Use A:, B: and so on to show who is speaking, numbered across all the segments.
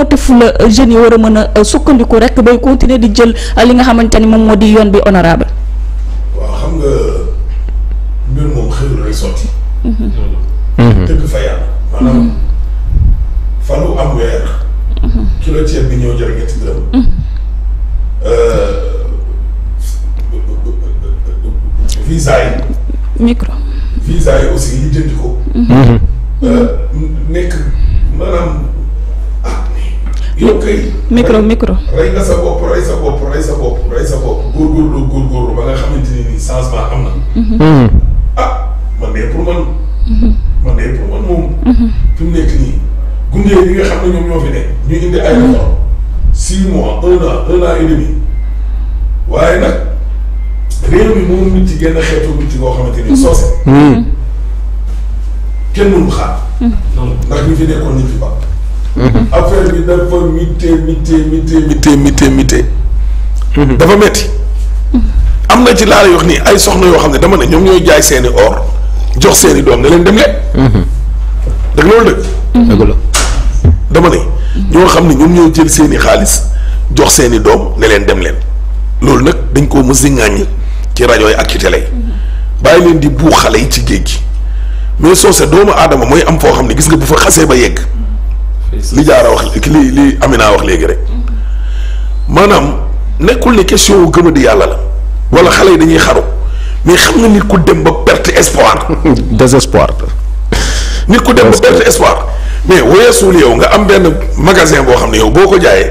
A: motif la euh, jeunes yi war a mën a euh, sukkandiku rek bay continuer di jël euh, li nga xamante ni moom moo di yoon bi honorable
B: waaw xam nga mbir moom xëyul rek sotti mm-hmm. Mm-hmm. dëgg fa yàlla maanaam mm-hmm. fan am weer kilo ceeb bi ñëw jël ñetti dërëm visa yi micro visa yi aussi ñu jënd nekk maanaam
A: yow kay. micro micro.
B: rey nga sa bopp rey sa bopp rey sa bopp rey sa bopp góorgóorlu góorgóorlu ba nga xamante ne am na. Mm-hmm. ah man de pour man. Mm-hmm. man de pour man moom. Mm-hmm. fi nekk nii gunge yi nga xam ne ñoom ñoo fi ne ñu indi ay réformes six mois un an un an et waaye nag réew mi moom nit ci genn xeetu nit ci koo xamante ni soose. kenn mënu xaar. ndax ñu fi nekkoon ñu ba. Mm-hmm. affaire bi dafa mité mm-hmm. dafa metti mm-hmm. am na ci laal lay nii ay soxna yoo xam ne dama ne ñoom ñooy jaay seeni or jox seeni doom ne leen dem
C: leen
B: dëgg loolu xam ne ñoom ñooy jël seeni xaalis jox seeni doom ne dem leen loolu nag dañ koo mës di ci rajo yi ak ci télé yi bàyyi leen di buux xale yi ci géej gi mais soose doomu aadama mooy am foo xam ne gis nga bu fa xasee ba yegg li jaara wax li li naa wax léegi rek maanaam nekkul ne question wu gëm a di yàlla la wala xale yi dañuy xaru mais xam nga nit ku dem ba perte espoir.
D: désespoir.
B: nit ku dem ba perte espoir mais weesul yow nga am benn magasin boo xam ne yow boo ko jaayee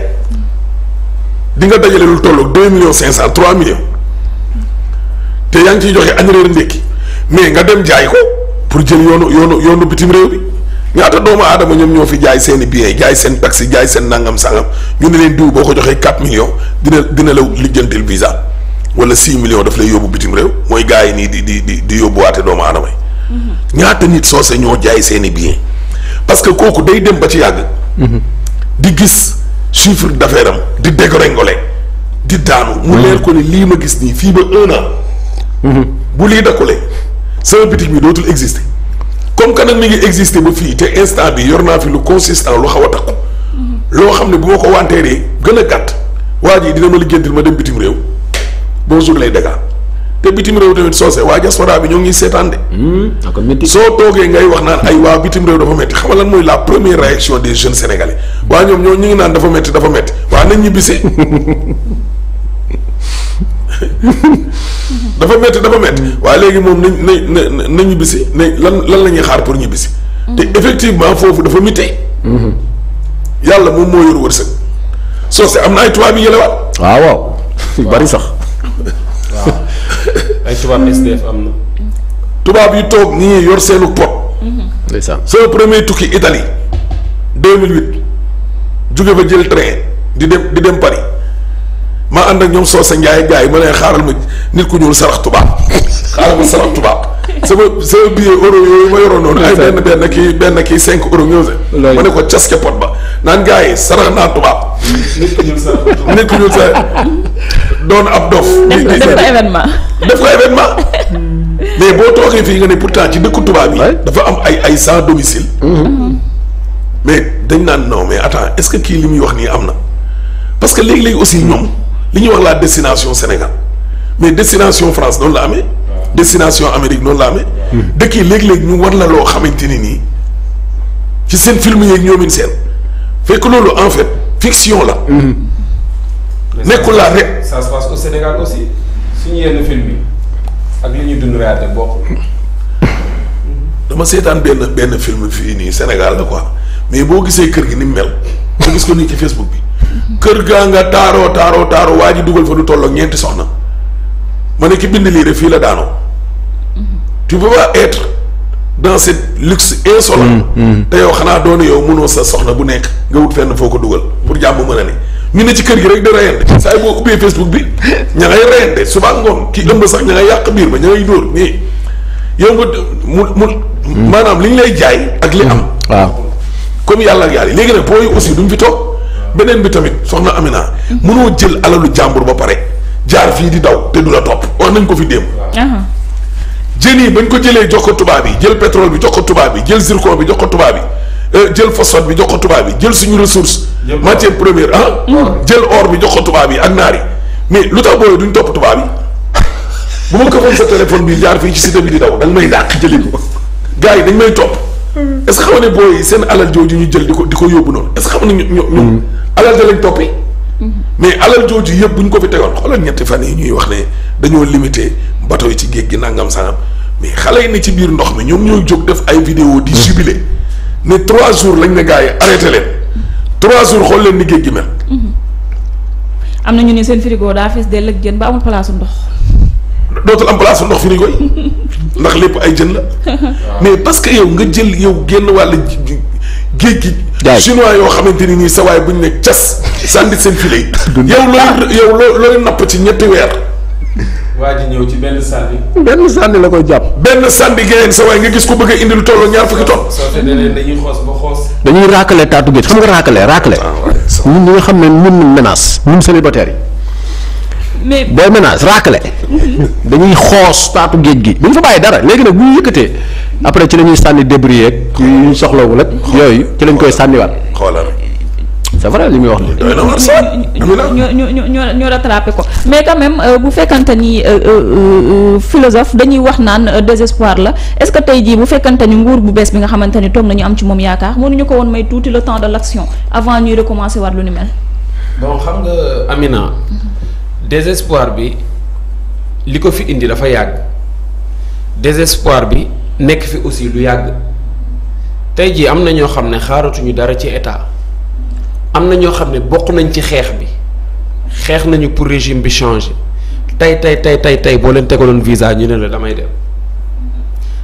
B: di nga dajale lu toll ak deux millions cinq cent trois millions te yaa ngi ciy joxe añ reer ndékki mais nga dem jaay ko pour jël yoonu yoonu yoonu bitim réew bi ñaata doomu aadama ñoom ñoo fi jaay seen i billet jaay seen taxi jaay seen nangam sangam ñu ne leen diw boo ko joxee 4 millions dina dina la lijjantil visa wala 6 millions daf lay yóbbu bitim réew mooy gars yi nii di di di di yóbbuwaate doomu aadama yi. Mm-hmm. ñaata nit soose ñoo jaay seen i billet parce que kooku day dem ba ci yàgg.
C: Mm-hmm. di
B: gis chiffre d'affaires am di dégringolé di daanu. mu mm-hmm. leer ko ne lii ma gis nii fii ba un an. bu lii dakkulee sama bitik bi dootul exister. comme que nag mi ngi exister ba fii te instant bi yor naa fi lu consistant lu xaw a takku loo xam ne bu ma ko wanteeree gën a gàtt waa ji dina ma liggéentil ma dem bitim réew bonjour lay dégâts te bitim réew tamit soose waa diaspora bi ñoo ngi seetaan de. Hmm, soo toogee ngay wax naan ay waa bitim réew dafa metti xam lan mooy la première réaction des jeunes sénégalais waa ñoom ñoo ñu ngi naan dafa metti dafa metti waa nañ ñibbisee. dafa métti dafa métti waaye léegi moom nañ na na ñibbisi ne lan lan la ñuy xaar pour ñibbisi te mhm. effectivement foofu dafa mittee mhm. yàlla moom moo yor wërsëg soo se am na ay tubaab yi yëlewaat
D: ah, waaw waaw bari sax
B: waaw tubaab SDF am na tubaab yu toog ñii yor seenu pot mhm. ndeysaan sama premier tukki Italie 2008 jóge fa jël train di dem di dem Paris ma ànd ak ñoom soo sa njaay gars yi ma ne xaaral ma nit ku ñuul sarax tubaab xaaral ma sarax tubaab sama sama billet euro yooyu ma yoroon noonu ay benn benn kii benn kii cinq euro ñëw ma ne ko caske pot ba naan gars yi sarax naa tubaab nit ku ñuul sarax nit doon ab dof def ko événement def ko événement mais boo toogee fii nga ne pour pourtant ci dëkku tubaab yi dafa am ay ay sans domicile mm-hmm. mais dañ naan non mais attends est-ce que kii li muy wax nii am na parce que léegi-léegi aussi ñoom li ñuy wax la destination Sénégal mais destination France noonu la amee. destination Amérique noonu la amee. Hmm. dëkk yi léeg-léeg ñu war la loo xamante ni nii ci seen film yeeg ñoomin seen fekk loolu en fait fiction la. Hmm. nekkul la rek.
E: ça se passe au Sénégal
B: li ñuy dund
E: réalité bokkul.
B: dama seetaan benn benn film fii nii Sénégal la quoi mais boo gisee kër gi ni mu mel. nga gis ko nii ci Facebook bi. kër gaa nga taaroo taaroo taaroo waa ji dugal fa du toll ñeenti soxna ma ne ki bind lii rek fii la daanoo tu peux pas être mm, mm. te yow xanaa doon yow mënoo sa soxna bu nekk nga wut fenn foo ko dugal pour jàmm mën a ne ñu ne ci kër gi rek di reyante saa yi boo ubbee Facebook bi ña ngay reyante suba ngoon ki ëmb sax ña ngay yàq biir ba ña ngay dóor nii yow nga mu mu mm. maanaam li ñu lay jaay ak li am waaw comme yàlla ak yàlla léegi nag booy aussi duñ fi toog beneen bi tamit soxna Amina. mënoo jël alalu jàmbur ba pare jaar fii di daw te du la topp wax nañ ko fi démb. jën yi bañ ko jëlee jox ko tubaab yi jël pétrole bi jox ko tubaab yi jël zircon bi jox tubaab yi euh, jël phosphate bi jox tubaab yi jël suñu ressource. matière première ah. Mm. jël or bi jox ko tubaab yi ak naar yi mais lu tax booyoo duñ topp tubaab yi bu ma ko sa téléphone bi jaar fii ci site bi di daw dañ may dàq jëlee ko gars yi dañ may topp.
C: est ce que xam
B: ne booy seen alal jooju ñu jël di ko di ko yóbbu noonu est ce que xam ne ñu ñu mm-hmm. alal ja lañ toppi mm-hmm. mais alal jooju yëpp bu ñu ko fi xool xoolal ñetti fan yi ñuy wax ne dañoo limité bateau yi ci géej gi nangam sangam mais xale yi ne ci biir ndox mi ñoom ñoo jóg def ay vidéo di mm-hmm. jubilé ne trois jours lañ ne gars yi arrêté leen trois jours xool leen di géej gi mel.
A: am na ñu ne seen frigo daa fees dell ak jën ba amul place ndox.
B: dootul am place ndox frigo yi. ndax lépp ay jën la. mais parce que yow nga jël yow génn wàll géej gi. chinois yoo xamante ni nii sa bu ñu ne cas sànni seen file yi. yow looy ah. yow looy napp ci ñetti weer.
E: waa ji ñëw ci benn sànni.
D: benn sànni la koy jàpp. benn sànni
B: gayeen sa nga gis ko bëgg a indil
D: tolloo ñaar fukki ton.
E: soo te dañuy xoos ba xoos.
D: dañuy raakale taatu géej xam nga raakale raakale. Ah, ñun ñi nga xam ne ñun menace ñun célibataire yi.
C: mais booy ménage raakale mhm.
D: dañuy xoos taatu géej gi bu fa bàyyi dara léegi nag bu ñu yëkkatee après ci la ñuy sànni débris rek yu ñu soxlawul rek yooyu ci lañ koy sànniwaat. xoolal c' est vrai li muy wax. doy na war sax
A: ñoo ñoo rattrapé ko mais euh, bu fekkante ni euh, euh, philosophe dañuy wax naan désespoir la est ce que tey jii bu fekkante ni nguur bu bees bi nga xamante ni toog nañu am ci moom yaakaar mënuñu ko woon may tuuti le temps de l' action avant ñuy recommencer war lu ni mel.
E: bon xam nga Amina. désespoir bi li ko fi indi dafa yàgg désespoir bi nekk fi aussi lu yàgg tey jii am na ñoo xam ne xaaratuñu dara ci état am na ñoo xam ne bokk nañ ci xeex bi xeex nañu pour régime bi changer tey tey tey tey tey boo leen tegaloon visa ñu ne la damay dem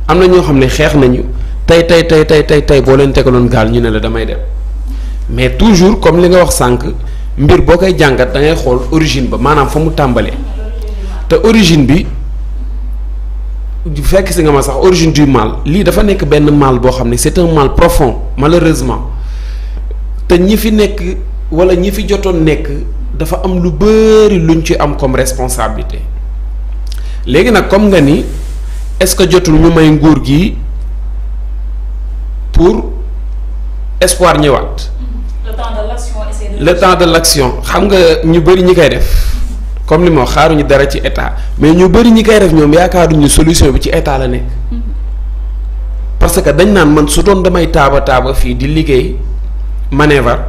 E: am na ñoo xam ne xeex nañu tey tey tey tey tey tey boo leen tegaloon gaal ñu ne la damay dem mais toujours comme li nga wax sànq. mbir boo koy jàngat dangay xool origine ba maanaam fa mu tàmbalee te origine bi fekk si nga ma sax origine du mal lii dafa nekk benn mal boo xam ne c'est un mal profond malheureusement te ñi fi nekk wala ñi fi jotoon nekk dafa am lu bëri luñ ci am comme responsabilité léegi nag comme nga ni est-ce que jotul ñu may nguur gi pour espoir ñëwaat. le temps de l'action xam nga ñu bëri ñi koy def comme li ma wax xaaruñu dara ci état mais ñu bëri ñi koy def ñoom yaakaaruñu solution bi ci état la nekk parce que dañ naan man su doon damay taaba taaba fii di liggéey manœuvre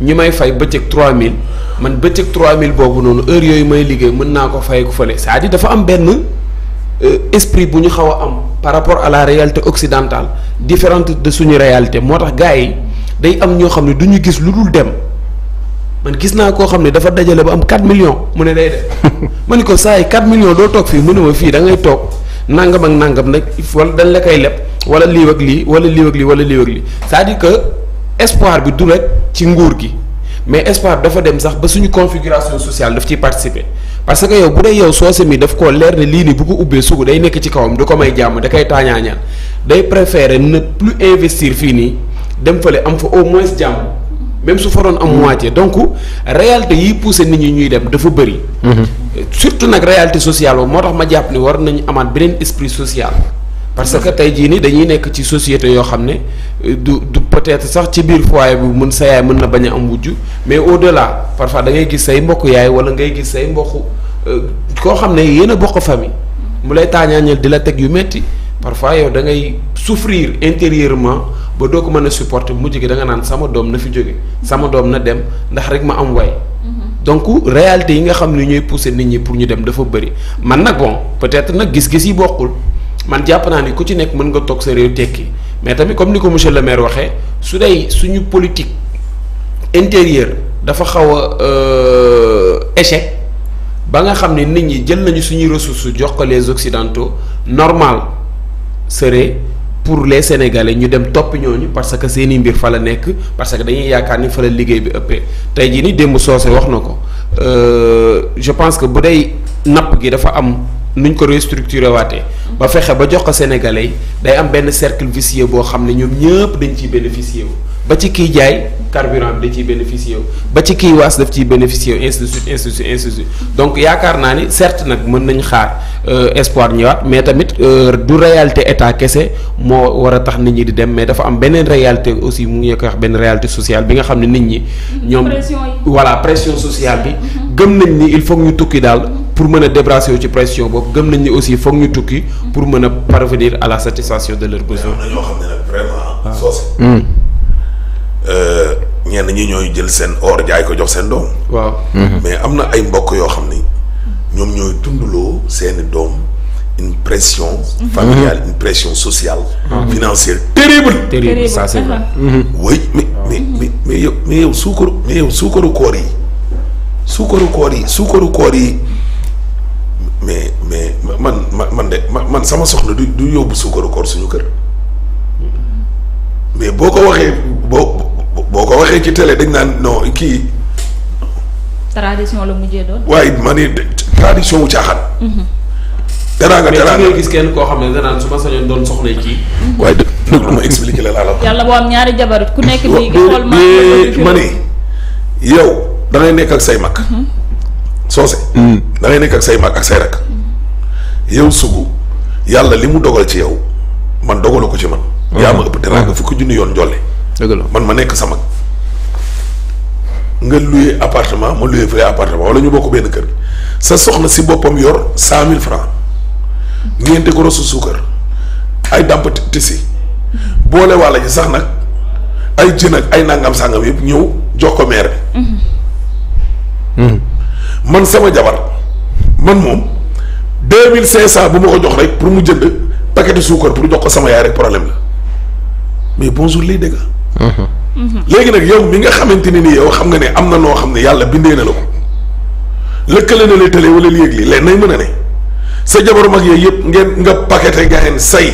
E: ñi may fay bëccëg mille man bëccëg mille boobu noonu heure yooyu may liggéey mën naa ko fay ko fële saa à dafa am benn euh, esprit bu ñu xaw a am par rapport à la réalité occidentale différente de suñu réalité moo tax gars yi day am ñoo xam ne du gis lu dem. man gis naa koo xam ne dafa dajale ba am 4 millions mu ne day def ma ni ko saa yi 4 millions doo toog fii mu ne ma fii da ngay toog nangam ak nangam nag wala dañ la koy leb wala lii ak lii wala lii ak lii wala lii ak lii c'est-à-dire que espoir bi du rek ci nguur gi mais espoir dafa dem sax ba suñu configuration sociale daf ci participer parce que yow bu dee yow soose mi daf koo leer ne lii nii bu ko ubbee sugu day nekk ci kawam du ko may jàmm da koy taañaañaan day préférer ne plus investir fii nii dem am fa au moins jàmm. même su faroon am moitié donc réalité yiy poussé nit ñi ñuy dem dafa bëri. Mhm. surtout nag réalité sociale boobu moo tax ma jàpp ni war nañu amaat beneen esprit social. parce que tey jii nii dañuy nekk ci société yoo xam ne euh, du du peut-être sax ci biir foyer bu mën sa yaay mën na bañ a am wujj mais au-delà parfois da ngay gis say mbokk yaay wala ngay gis say mbokk euh, koo xam ne yéen a bokk famille mu lay taañaañal di la teg yu metti parfois yow da ngay souffrir intérieurement. ba doo ko mën a supporter mujj gi da naan sama doom na fi jóge sama doom na dem ndax rek ma am way
C: mhm.
E: donc réalité yi nga xam ni ñuy pousser nit ñi pour ñu dem dafa bëri man nag bon peut-être nag gis-gis yi bokkul man jàpp naa ni ku ci nekk mën nga toog sa réew tekki mais tamit comme ni ko monsieur le maire waxee su dee suñu politique intérieure dafa xaw a euh, échec ba nga xam ni nit ñi jël nañu suñuy ressources jox ko les occidentaux normal serait pour les sénégalais ñu dem topp ñooñu parce que seeni i mbir fa la nekk parce que dañuy yaakaar ni fa la liggéey bi ëppee tey jii ni démb soose wax na ko euh, je pense que bu dee napp gi dafa am nuñ ko restructuré waatee ba fexe ba jox ko sénégalais day am benn cercle vicieux boo xam ne ñoom ñëpp dañ ciy bénéficier wu. ba ci kiy jaay carburant bi da ciy bénéficier ba ci kiy waas def ci bénéficier wu ainsi de suite donc yaakaar naa ni certes nag mën nañ xaar euh, espoir ñëwaat mais tamit euh, du réyalité état kese moo war a tax nit ñi di dem mais dafa am beneen réalité aussi mu ngi koy wax benn réalité sociale bi nga xam ne nit ñi. ñoom voilà pression sociale bi. gëm nañ ni il faut ñu tukki daal. pour mën a débarrasser wu ci pression boobu gëm nañ ni aussi foog ñu tukki pour mën a parvenir à la satisfaction de leurs besoins.
B: Euh, ñenn ñi ñooy jël seen or jaay ko jox seen doom.
E: waaw mhm.
B: mais am na ay mbokk yoo xam ni ñoom ñooy dundaloo seeni doom une pression mhm. familiale une pression sociale. Mhm. financière terrible. terrible ça c'est vrai. Uh-huh. oui mais mais yow suukaru mais yow suukaru koor yi suukaru koor yi suukaru mais mais man man man de man sama soxna du du yóbbu suukaru koor suñu kër mais boo ko waxee boo boo ko waxee ci télé dañ naan non kii.
A: tradition la mujjee doon.
B: waaye ma ni tradition wu caaxaan.
E: teraanga mhm. teraanga mais ngay gis kenn koo xam ne danaan su ma sañoon doon soxna kii. Mhm. waaye
B: dë la
A: laa ñaari jabarit ku nekk bii.
B: xool nekk ak say mag. Mhm. soose. Mm. da nekk ak say mag ak say rak. yow sugu yàlla li mu dogal ci yow man dogalu ko ci man. Mm. yaa ma ëpp teraanga mm. fukki junni yoon jolle. dëgg la man ma nekk sama nga loué appartement ma loué fële appartement wala ñu ko benn kër sa soxna si boppam yor cent mille francs ñeenti gorosu suukar ay dàmp tisi boole wàlla ji sax nag ay jën ak ay nangam sàngam yëpp ñëw jox ko maire bi mm-hmm. man sama jabar man moom deux mille cinq cent bu ma ko jox rek pour mu jënd paquet suukar pour jox ko sama yaay rek problème la mais bonjour lay dégg léegi nag yow bi nga xamante ni nii yow xam nga ne am na noo xam ne yàlla bindee na la ko lëkkale na la télé wala léegi li leen nay mën a ne sa jabar mag yooyu yëpp ngeen nga paqueté gaayeen say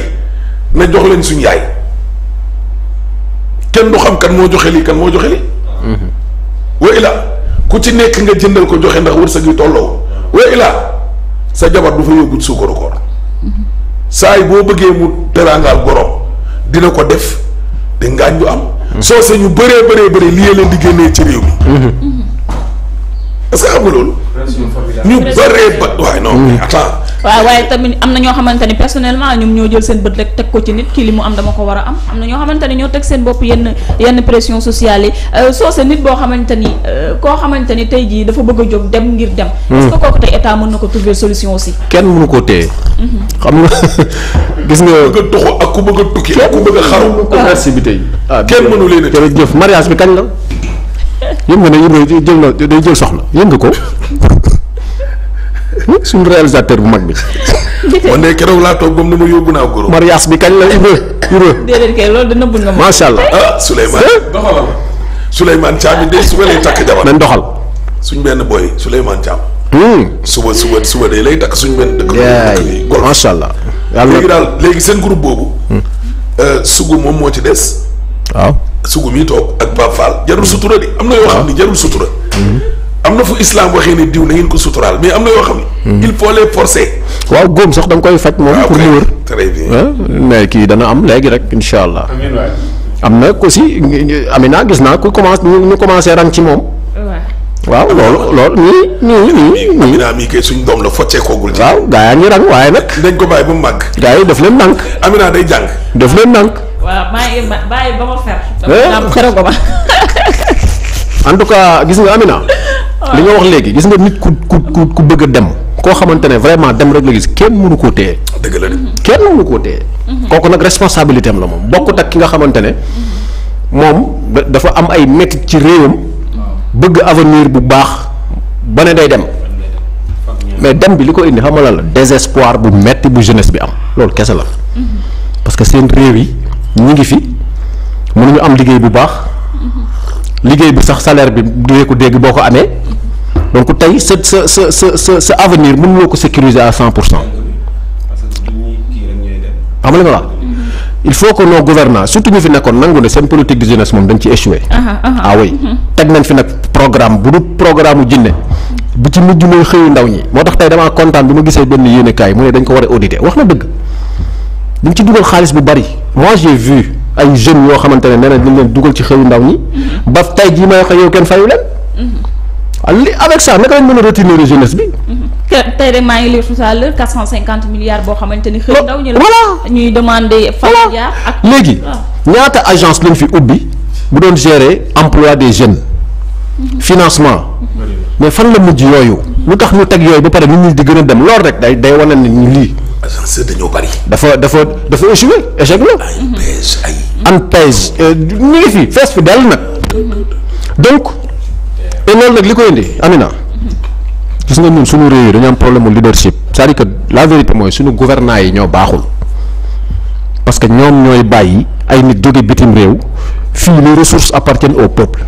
B: na jox lañ suñu yaay kenn du xam kan moo joxe lii kan moo joxe lii. wa ila ku ci nekk nga jëndal ko joxe ndax wërsëg yu tolloo wa ila sa jabar du fa yóbbu suukaru koor mm-hmm. saay boo bëggee mu teraangaal gorom dina ko def. te ngaañ du am. soose ñu bëree bëree bëri lii leen di génnee ci réew est que xam loolu. ñu bëree ba waaye non mais attends.
C: Mm.
A: waaw waaye tamit am na ñoo xamante ni personnellement ñoom ñoo jël seen bët rek teg ko ci nit kii li mu am dama ko war a am am na ñoo xamante ni ñoo teg seen bopp yenn yenn pression sociale yi euh, soo sa nit boo xamante ni euh, koo xamante ni tey jii dafa bëgg a jóg dem ngir dem. Mm. est-ce que kooku tey état mën na ko trouver solution si
D: kenn mënu ko téye. Mm-hmm. xam nga gis nga. bëgg a toxu ak ku bëgg a tukki. ak ku bëgg a xaru. Ah. merci bi tey. ah bi kañ la. yëngu nga ne Ibra jël na day jël soxna yëngu ko suñu réalisateur bu mag bi.
B: man de
D: keroog laa toog comme ni ma yóbbu naa góor. mariage bi kañ la Ibra Ibra.
A: déedéet kay loolu dina bëgg nga. macha allah ah Souleymane eh?
B: doxalal Souleymane Thiam de su ma lay takk jabar. nañ doxal suñ benn boy Souleymane Thiam. Hmm. suba suba suba de lay takk suñ
D: benn dëkk. macha allah. yàlla léegi daal léegi seen group boobu. Hmm. Euh,
B: sugu moom moo ci des. waaw. sugu mi toog ak Pape Fall jarul sutura de am na yoo xam ne jarul sutura am na fu islam waxee ne diw na ngeen ko suturaal mais am na yoo xam ne hmm. il faut les forcer
D: waaw góom sax da nga koy faj moom ah, pour mu ah, kii dana am léegi rek insha allah am na aussi Amina gis naa ku commencé ñu commencé rang ci moom waaw loolu loolu nii nii nii nii Amina mii kay suñ doom la foccee koogul ci waaw
B: gaa yaa waaye nag dañ ko bàyyi ba mu màgg gaa yi daf leen nànk naa day jàng daf leen nànk
A: waaw Eh?
D: en tout cas gis nga Amina. li nga wax léegi gis nga nit ku ku ku bëgg dem koo xamante ne vraiment dem rek la gis kenn mënu koo téye. dëgg mhm. kenn mënu mhm. kooku nag responsabilité am la moom bokkut ak ki nga xamante ne mhm. moom dafa am ay métit ci réewam bëgg avenir bu baax ba ne day dem mais dem bi li ko indi xam nga la désespoir bu metti bu jeunesse bi am loolu kese la parce que seen réew yi ñu ngi fi. ñu am liggéey bu baax liggéey bi sax salaire bi du ko dégg boo ko amee donc tey sa sa sa sa sa sa avenir mënuloo ko sécuriser à cent pour cent xam nga li ma wax mm-hmm. il faut que nos gouvernants surtout ñu fi nekkoon nangu ne seen politique de jeunesse moom dañ ci échoué. ah,
C: ah, ah. ah oui mm-hmm.
D: teg nañ fi nag programme bu du programme u jinne bi ci mujj mooy xëyu ndaw ñi moo tax tey damaa kontaan bi ma gisee benn yéenekaay mu ne dañ ko war a auditer wax na dëgg dañ ci dugal xaalis bu bari ay jeunes yoo xamante ne nee na dañ leen dugal ci xëyu ndaw ñi ba tey jii may wax yow kenn fayu leen.
A: Mm-hmm.
D: li avec ça naka lañ mën a retenir jeunesse bi.
A: Mm-hmm. tey rek maa ngi lire tout à l'heure 450 milliards boo xamante ni. xëy ndaw ñu la ñuy demander. voilà
D: léegi ñaata agence lañ fi ubbi bu doon gérer emplois des jeunes. Mm-hmm. financement. mais fan la mujj yooyu. lu tax ñu teg yooyu ba pare nit ñi di gën a dem loolu rek day day wane ni lii. dafa dafa dafa échoué échec la. ay pej ay. Euh, fi fees fi dell na. donc. te loolu nag li ko indi Amina. gis nga ñun suñu réew yi dañu am problème mu leadership cest à la vérité mooy suñu gouvernants yi ñoo baaxul. parce que ñoom ñooy bàyyi ay nit jóge bitim réew fii les ressources appartiennent au peuple.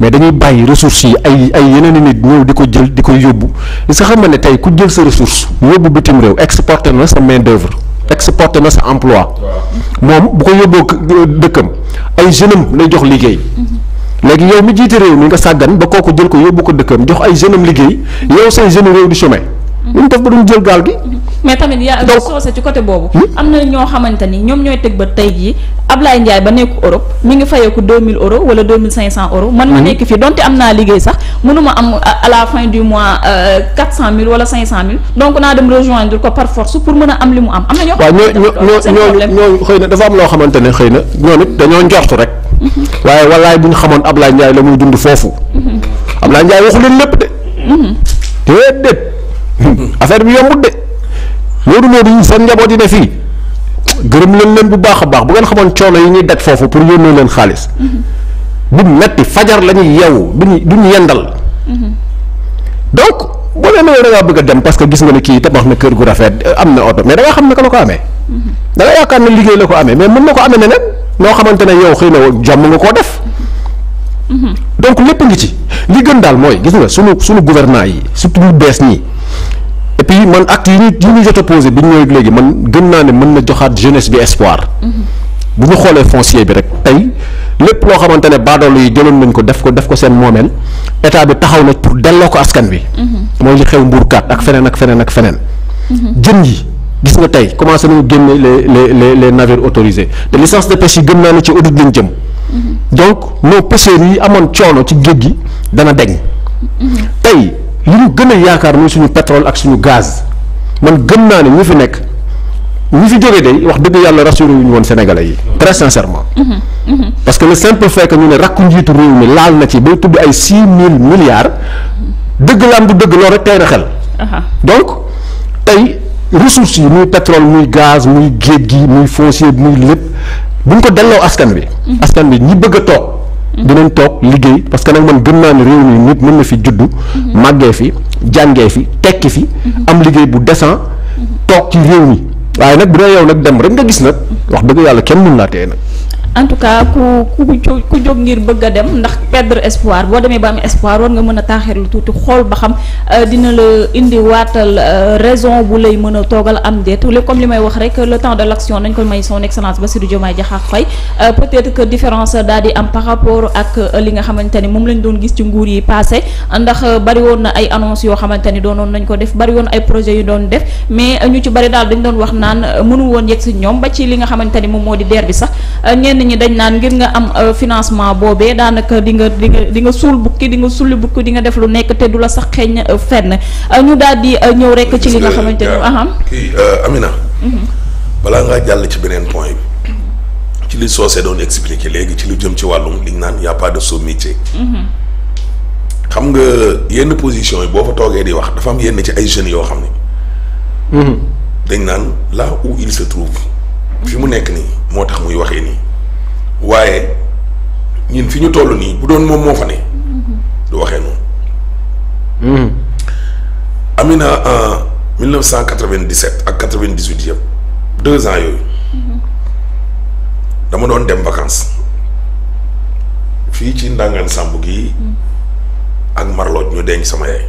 D: mais dañuy bàyyi ressource yi ay ay yeneen i nit ñëw di ko jël di ko yóbbu li sa xam nga ne tey ku jël sa ressource yóbbu bitim réew exporter na sa main d'œuvre exporter na sa emploi moom bu ko yóbboo dëkkam ay jeunes am lay jox liggéey
C: mm-hmm.
D: léegi yow mi jiite réew mi nga sàggan ba kooku jël ko yóbbu ko dëkkam jox ay jeunes liggéey yow say jeunes réew di chômer. Mm-hmm. ñu def ba duñ jël gaal gi. Mm-hmm.
A: mais tamit yaa soose ci côté boobu hmm? am na ñoo xamante ni ñoom ñooy teg ba tey jii Ablaye Ndiaye ba nekk Europe mi ngi fayeeku 2000 euros wala 2500 euros man ma hmm? nekk fii donte am naa liggéey sax mënuma am à la fin du mois 400000 euh, wala 500000 donc naa dem rejoindre ko par force pour mën a am li mu am am na ñoo waaw ñooñu
D: ñooñu xëy na dafa am loo xamante ne xëy na ñoom it dañoo njort rek mhm. waaye wallaay bu ñu xamoon Ablaye Ndiaye la muy dund foofu mhm. Ablaye Ndiaye waxu leen lépp de mhm. déedéet affaire bi yombut de Modou Modou seen njaboot yi ne fii gërëm leen leen bu baax a baax bu ngeen xamoon coono yi ñuy daj foofu pour yónnee leen xaalis
C: mm-hmm.
D: bu metti fajar la ñuy yeewu duñu duñu yendal mm-hmm. donc boo leen ne da ngaa bëgg a dem parce que gis nga ne kii tabax na kër gu rafet am na oto mais da nga xam ne que la ko amee mm-hmm. da nga yaakaar ne liggéey la ko amee mais mën na ko amee neneen noo xamante ne yow xëy na jàmm nga koo def donc lépp ngi ci li gën daal mooy gis nga sunu sunu gouvernant yi surtout ñu bees ñi et puis man acte yi ñu yi ñu jot a posé bi ñu léegi man gën naa ne mën na joxaat jeunesse bi espoir. Mm-hmm. bu ñu xoolee foncier bi rek tey lépp loo xamante ne baadoolo yi jëloon nañ ko def ko def ko seen moomeel état bi taxaw na pour delloo ko askan bi mm-hmm. mooy li xew mbuurkat ak feneen ak feneen ak feneen. Mm-hmm. jën yi gis nga tey commencé mu génne les les les les navires autorisés te licence de pêche yi gën naa ne ci audit lañ jëm. donc nos pêcheurs yi amoon coono ci géej gi danga deñ li ñu gën yaakaar mooy suñu pétrole ak suñu gaz man gën naa ne ñi fi nekk ñi fi jógee day wax dëgg yàlla rassuré wu ñu woon sénégalais yi très sincèrement
C: mm-hmm, mm-hmm.
D: parce que le simple fait que ñu ne rakku njiitu réew mi laal na ci bay tudd ay six mille milliards dëgg la am dëgg loolu rek tey na xel uh-huh. donc tey ressources yi muy pétrole muy gaz muy géej gi muy foncier muy lépp bu ñu ko delloo askan bi mm-hmm. askan bi ñi bëgg a toog dinañ toog liggéey parce que nag man gën naa ne réew mi nit mën na fi juddu. màggee fi jàngee fi tekki fi. am liggéey bu décent toog ci réew mi waaye nag bu dee yow nag dem rek nga gis nag wax dëgg yàlla kenn mun naa tee nag.
A: en tout cas ku ku ku jóg ngir bëgg a dem ndax perdre espoir boo demee ba am espoir war nga mën a taaxirlu tuuti xool ba xam euh, dina la indi waatal euh, raison bu lay mën a toogal am déet comme li may wax rek le temps de l'action nañ ko may son excellence Bassirou Diomaye Diakhar Faye euh, peut-être que di am par rapport ak li nga xamante ni moom lañ doon gis ci nguur yi passé ndax bari woon na ay annonce yoo xamante ni doonoon nañ ko def bari woon ay projets yu doon def mais ñu ci bari daal dañ doon wax naan mënu woon yegg si ñoom ba ci li nga xamante ni moom moo di deer bi sax ñi dañ naan ngir nga am euh, financement boobee daanaka di nga di di nga suul bukki di nga sulli bukki di nga def lu nekk te du la sax xeeñ euh, fenn euh, ñu daal di ñëw rek ci li nga xamante ni
B: aham kii Amina mhm. balaa ngaa jàll ci beneen point li soosee doon expliqué léegi ci lu jëm ci wàllum liñ naan y a pas de so métier mhm. xam nga yenn position yi boo fa toogee di wax dafa am yenn ci ay jeunes yoo xam ne mhm. dañ naan là où il se trouve fi mu nekk nii moo tax muy waxee nii waaye ñun fi ñu toll nii bu doon moom moo fa ne du waxee noonu hmm. Amina en 1997 ak 98 yëpp deux ans yooyu dama doon dem vacances fii ci ndàngaan sàmb gi ak marlooj ñu denc sama yaay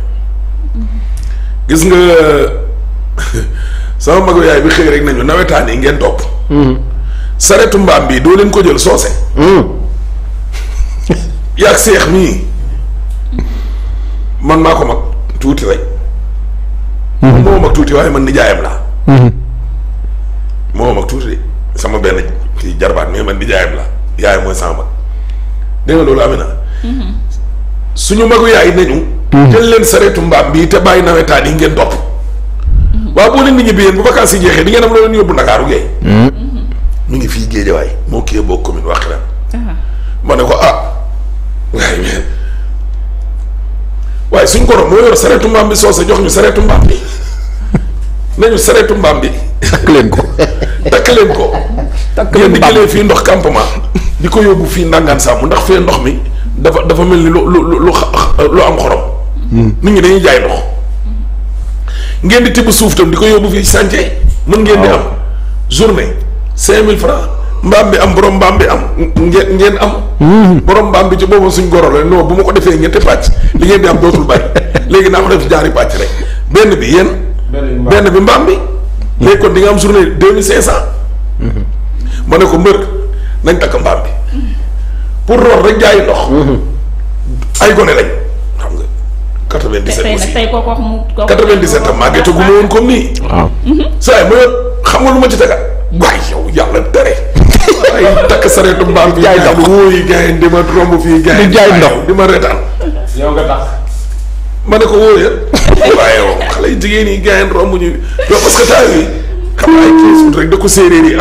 B: gis nga sama magu yaay bi xëy rek nañu nawetaan yi ngeen topp hmm. saretu mbaam bii doo leen ko jël soose. Hmm. yaag seex mii man maa ko mag tuuti rek. Hmm. moo mag tuuti waaye man nijaayam laa. Hmm. moo mag tuuti de sama benn kii jarbaat mais man nijaayam la yaay mooy sama mag dégg nga loolu amee na. suñu magu yaay nañu. jël leen saretu mbaam bii te bàyyi nawetaan yi ngeen topp. waaw boo leen di ñibbi yéen bu vacances yi jeexee di ngeen am loo yóbbu Ndakaaru
C: Gueye.
B: mu ngi fii Géejawaay moo kii boo commune Waxirane. Uh-huh. ma ne ko ah. waaye suñ ko doon moo yor sareetu mbaam bi soose jox ñu sareetu mbaam bi nañu sareetu mbaam bi. takk leen ko takk leen ko. takk leen mbaam fii ndox campement. di ko yóbbu fii Ndangan Samb ndax fee ndox mi dafa dafa mel ni lu lu lu lu am xorom. Hmm. nit ñi dañuy jaay ndox. Hmm. ngeen di tibb suuf tam di ko yóbbu fii chantier. mën ngeen di ah, am journée. cinq mille francs mbaam bi am borom mbaam bi am ngeen ngeen am. borom mbaam bi ci boobu suñ goro la non bu ma ko defee ñetti pàcc li ngeen di am dootul bari léegi naa ko def jaari pàcc rek benn bi yéen. benn bi mbaam bi. Hmm. léegi kon di nga am journée deux mille cinq cent. Hmm. ma ne ko mbër nañ takk mbaam bi pour root rek jaayi ndox. Hmm. ay gone lañ xam nga. 97 aussi
A: tey kooku wax mu. kooku 97
B: am màggetaguma woon comme nii. waaw. Mm-hmm. saa yi xam nga lu ma ci tegaat. waaye yow yàlla tere. ay takk sareetu mbaam. jaay ndox di ma romb fii. jaay ndox di ma retaan. yow nga ne ko wóoyee. waaye yow xale yu jigéen ñi gars yi romb ñu. parce que temps yii. xam nga ay kii rek da ko séeréer yi